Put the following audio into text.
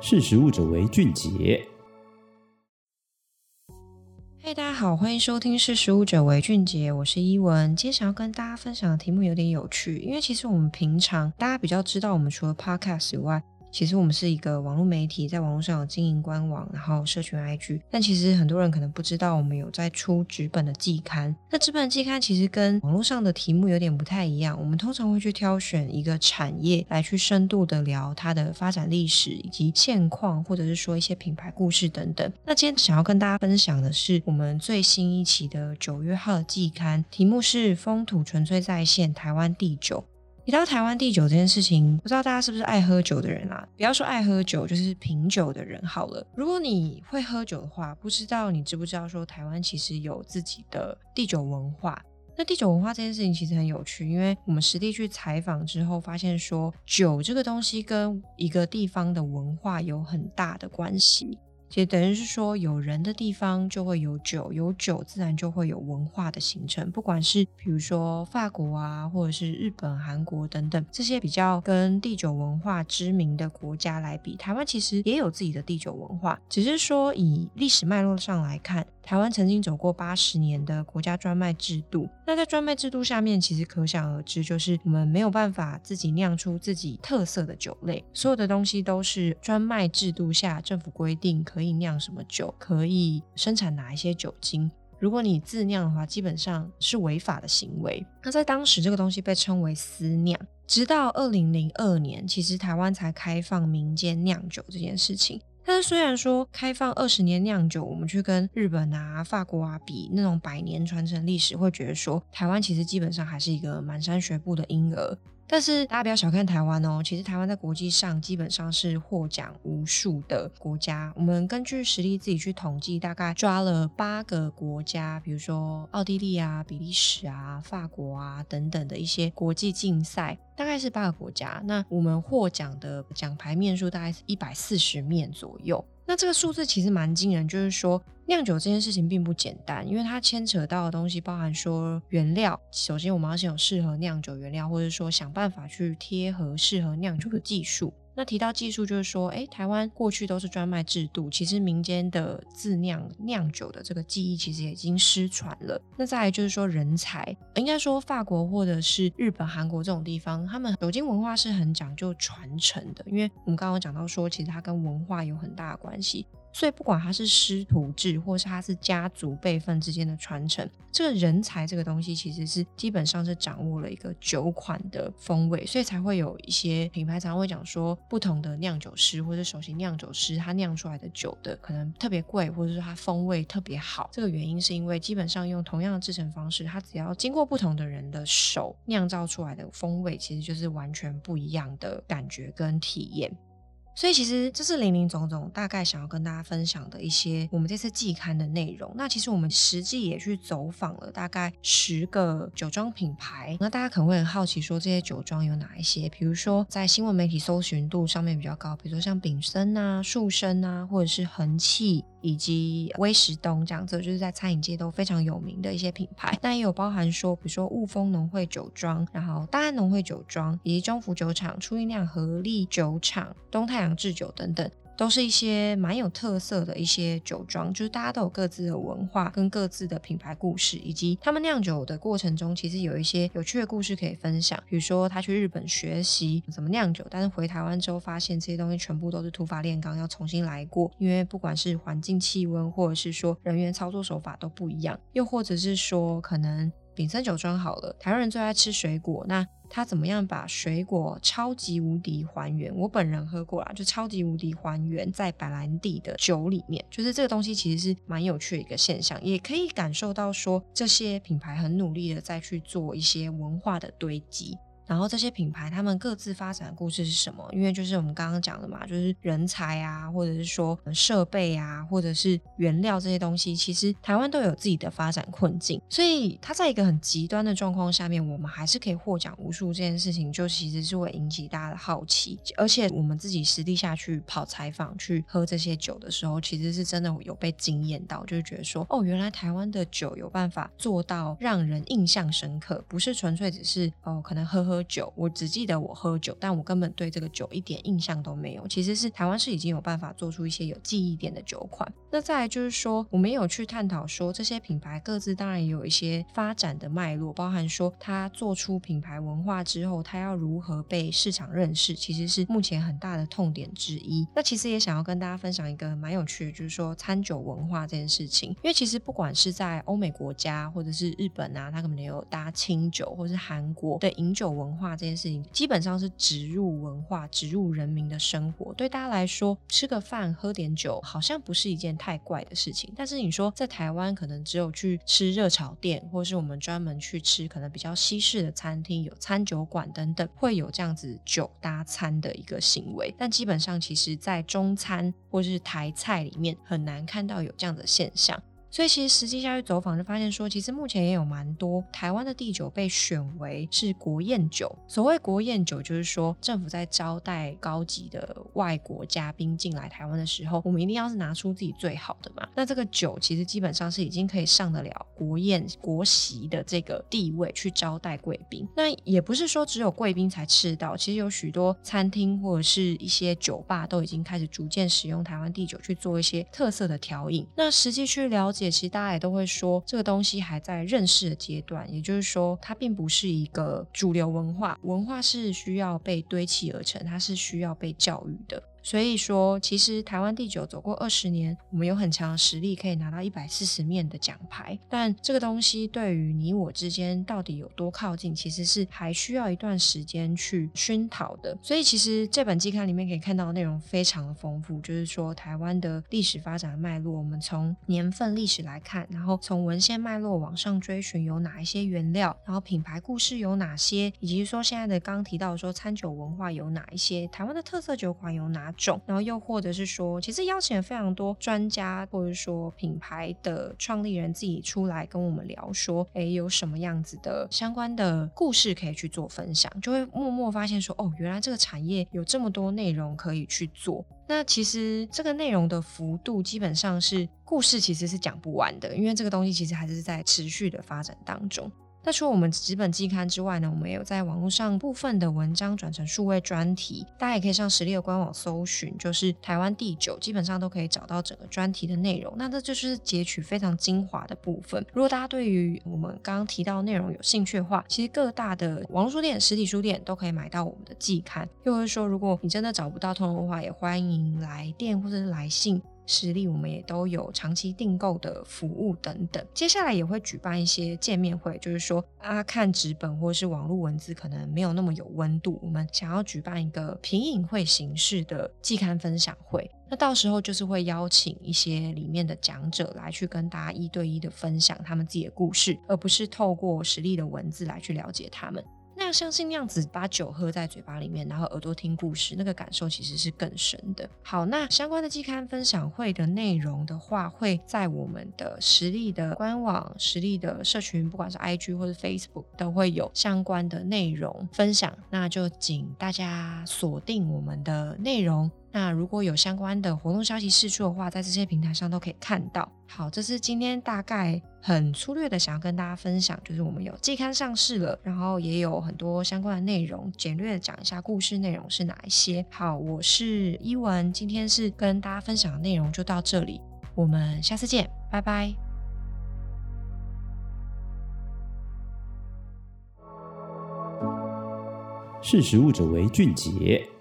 識食物者為俊傑。嘿，hey, 大家好，歡迎收聽《識食物者為俊傑》，我是依文。今天想要跟大家分享的題目有點有趣，因為其實我們平常大家比較知道，我們除了 Podcast 以外。其實我們是一個網絡媒體，在網絡上有經營官網，然後社群 IG。但其實很多人可能不知道，我們有在出紙本的季刊。那紙本季刊其實跟網絡上的題目有點不太一樣。我們通常會去挑選一個產業來去深度的聊它的發展歷史以及現況，或者是說一些品牌故事等等。那今天想要跟大家分享的是我們最新一期的九月號的季刊，題目是《風土純粹在線：台灣地酒》。提到台灣地酒這件事情，不知道大家是不是愛喝酒的人啊？不要說愛喝酒，就是品酒的人好了。如果你會喝酒的話，不知道你知不知道說台灣其實有自己的地酒文化。那地酒文化這件事情其實很有趣，因為我們實地去採訪之後，發現說酒這個東西跟一個地方的文化有很大的關係。也等於是說，有人的地方就會有酒，有酒自然就會有文化的形成。不管是比如說法國啊，或者是日本、韓國等等，這些比較跟地酒文化知名的國家來比，台灣其實也有自己的地酒文化，只是說以歷史脈絡上來看。台灣曾經走過八十年的國家專賣制度，那在專賣制度下面，其實可想而知，就是我們沒有辦法自己釀出自己特色的酒類，所有的東西都是專賣制度下政府規定可以釀什麼酒，可以生產哪一些酒精。如果你自釀的話，基本上是違法的行為。那在當時，這個東西被稱為私釀。直到二零零二年，其實台灣才開放民間釀酒這件事情。但是雖然說開放二十年釀酒，我們去跟日本啊、法國啊比那種百年傳承歷史，會覺得說台灣其實基本上還是一個蹣跚學步的嬰兒。但是大家不要小看台灣哦，其實台灣在國際上基本上是獲獎無數的國家。我們根據食力自己去統計，大概抓了八個國家，比如說奧地利啊、比利時啊、法國啊等等的一些國際競賽。大概是八個國家，那我們獲獎的獎牌面數大概是一百四十面左右。那這個數字其實蠻驚人，就是說釀酒這件事情並不簡單，因為它牽扯到的東西包含說原料，首先我們要先有適合釀酒原料，或者說想辦法去貼合適合釀酒的技術。那提到技術，就是說，誒、欸，台灣過去都是專賣制度，其實民間的自釀釀酒的這個技藝其實也已經失傳了。那再來就是說，人才應該說，法國或者是日本、韓國這種地方，他們酒精文化是很講究傳承的，因為我們剛剛講到說，其實它跟文化有很大的關係。所以，不管它是師徒制，或是它是家族輩分之間的傳承，這個人才這個東西，其實是基本上是掌握了一個酒款的風味，所以才會有一些品牌常會講說，不同的釀酒師或者首席釀酒師，他釀出來的酒的可能特別貴，或者是它風味特別好。這個原因是因為基本上用同樣的製程方式，它只要經過不同的人的手釀造出來的風味，其實就是完全不一樣的感覺跟體驗。所以其實這是林林總總大概想要跟大家分享的一些我們這次季刊的內容。那其實我們實際也去走訪了大概十個酒莊品牌。那大家可能會很好奇說，這些酒莊有哪一些？比如說在新聞媒體搜尋度上面比較高，比如說像丙生啊、樹生啊，或者是恆器。以及威石東這樣子，就是在餐飲界都非常有名的一些品牌。那也有包含說，比如說霧峰農會酒莊，然後大安農會酒莊，以及中福酒廠、初音釀、合力酒廠、東太陽製酒等等。都是一些蠻有特色的一些酒莊，就是大家都有各自的文化跟各自的品牌故事，以及他們釀酒的過程中，其實有一些有趣的故事可以分享。比如說他去日本學習怎麼釀酒，但是回台灣之後發現這些東西全部都是土法煉鋼，要重新來過，因為不管是環境氣溫，或者是說人員操作手法都不一樣，又或者是說可能。丙生酒莊好了，台灣人最愛吃水果，那他怎麼樣把水果超級無敵還原？我本人喝過啦，就超級無敵還原在白蘭地的酒裡面，就是這個東西其實是蠻有趣的一個現象，也可以感受到說這些品牌很努力的在去做一些文化的堆積。然後這些品牌他們各自發展的故事是什麼？因為就是我們剛剛講的嘛，就是人才啊，或者是說設備啊，或者是原料這些東西，其實台灣都有自己的發展困境。所以它在一個很極端的狀況下面，我們還是可以獲獎無數這件事情，就其實是會引起大家的好奇。而且我們自己實地下去跑採訪，去喝這些酒的時候，其實是真的有被驚艷到，就是覺得說哦，原來台灣的酒有辦法做到讓人印象深刻，不是純粹只是哦，可能喝喝、喝酒，我只記得我喝酒，但我根本對這個酒一點印象都沒有。其實是台灣是已經有辦法做出一些有記憶點的酒款。那再來就是說，我們也有去探討說，這些品牌各自當然也有一些發展的脈絡，包含說它做出品牌文化之後，它要如何被市場認識，其實是目前很大的痛點之一。那其實也想要跟大家分享一個蠻有趣的，就是說餐酒文化這件事情。因為其實不管是在歐美國家或者是日本啊，它可能也有搭清酒，或者是韓國的飲酒文化。文化這件事情基本上是植入文化，植入人民的生活。對大家來說，吃個飯、喝點酒，好像不是一件太怪的事情。但是你說在台灣，可能只有去吃熱炒店，或是我們專門去吃可能比較西式的餐廳、有餐酒館等等，會有這樣子酒搭餐的一個行為。但基本上，其實，在中餐或是台菜裡面，很難看到有這樣的現象。所以其實實際下去走訪就發現說，其實目前也有蠻多台灣的地酒被選為是國宴酒。所謂國宴酒，就是說政府在招待高級的外國嘉賓進來台灣的時候，我們一定要是拿出自己最好的嘛。那這個酒其實基本上是已經可以上得了國宴國席的這個地位去招待貴賓。那也不是說只有貴賓才吃到，其實有許多餐廳或者是一些酒吧都已經開始逐漸使用台灣地酒去做一些特色的調飲。那實際去了解。且其實大家也都會說，這個東西還在認識的階段，也就是說，它並不是一個主流文化，文化是需要被堆砌而成，它是需要被教育的。所以說，其實台灣地酒走過二十年，我們有很強的實力可以拿到一百四十面的獎牌。但這個東西對於你我之間到底有多靠近，其實是還需要一段時間去熏陶的。所以其實這本季刊裡面可以看到的內容非常的豐富，就是說台灣的歷史發展的脈絡，我們從年份歷史來看，然後從文獻脈絡往上追尋有哪一些原料，然後品牌故事有哪些，以及說現在的剛提到的說餐酒文化有哪一些，台灣的特色酒款有哪。然後又或者是說，其實邀請了非常多專家，或者說品牌的創立人自己出來跟我們聊，說，誒，有什麼樣子的相關的故事可以去做分享，就會默默發現說，哦，原來這個產業有這麼多內容可以去做。那其實這個內容的幅度基本上是故事其實是講不完的，因為這個東西其實還是在持續的發展當中。那除了我們紙本季刊之外呢，我們也有在網絡上部分的文章轉成數位專題，大家也可以上食力的官網搜尋，就是台灣地酒，基本上都可以找到整個專題的內容。那這就是截取非常精華的部分。如果大家對於我們剛剛提到的內容有興趣的話，其實各大的網絡書店、實體書店都可以買到我們的季刊。又或者說，如果你真的找不到通路的話，也歡迎來電或者是來信。食力，我們也都有長期訂購的服務等等。接下來也會舉辦一些見面會，就是說，啊，看紙本或是網絡文字可能沒有那麼有溫度。我們想要舉辦一個品飲會形式的季刊分享會，那到時候就是會邀請一些裡面的講者來去跟大家一對一的分享他們自己的故事，而不是透過食力的文字來去了解他們。要相信那樣子把酒喝在嘴巴裡面，然後耳朵聽故事，那個感受其實是更深的。好，那相關的季刊分享會的內容的話，會在我們的食力的官網、食力的社群，不管是 IG 或者 Facebook，都會有相關的內容分享。那就請大家鎖定我們的內容。那如果有相關的活動消息釋出的話，在這些平台上都可以看到。好，這是今天大概很粗略的想要跟大家分享，就是我們有季刊上市了，然後也有很多相關的內容，簡略的講一下故事內容是哪一些。好，我是依文，今天是跟大家分享的內容就到這裡，我們下次見，拜拜。識食物者為俊傑。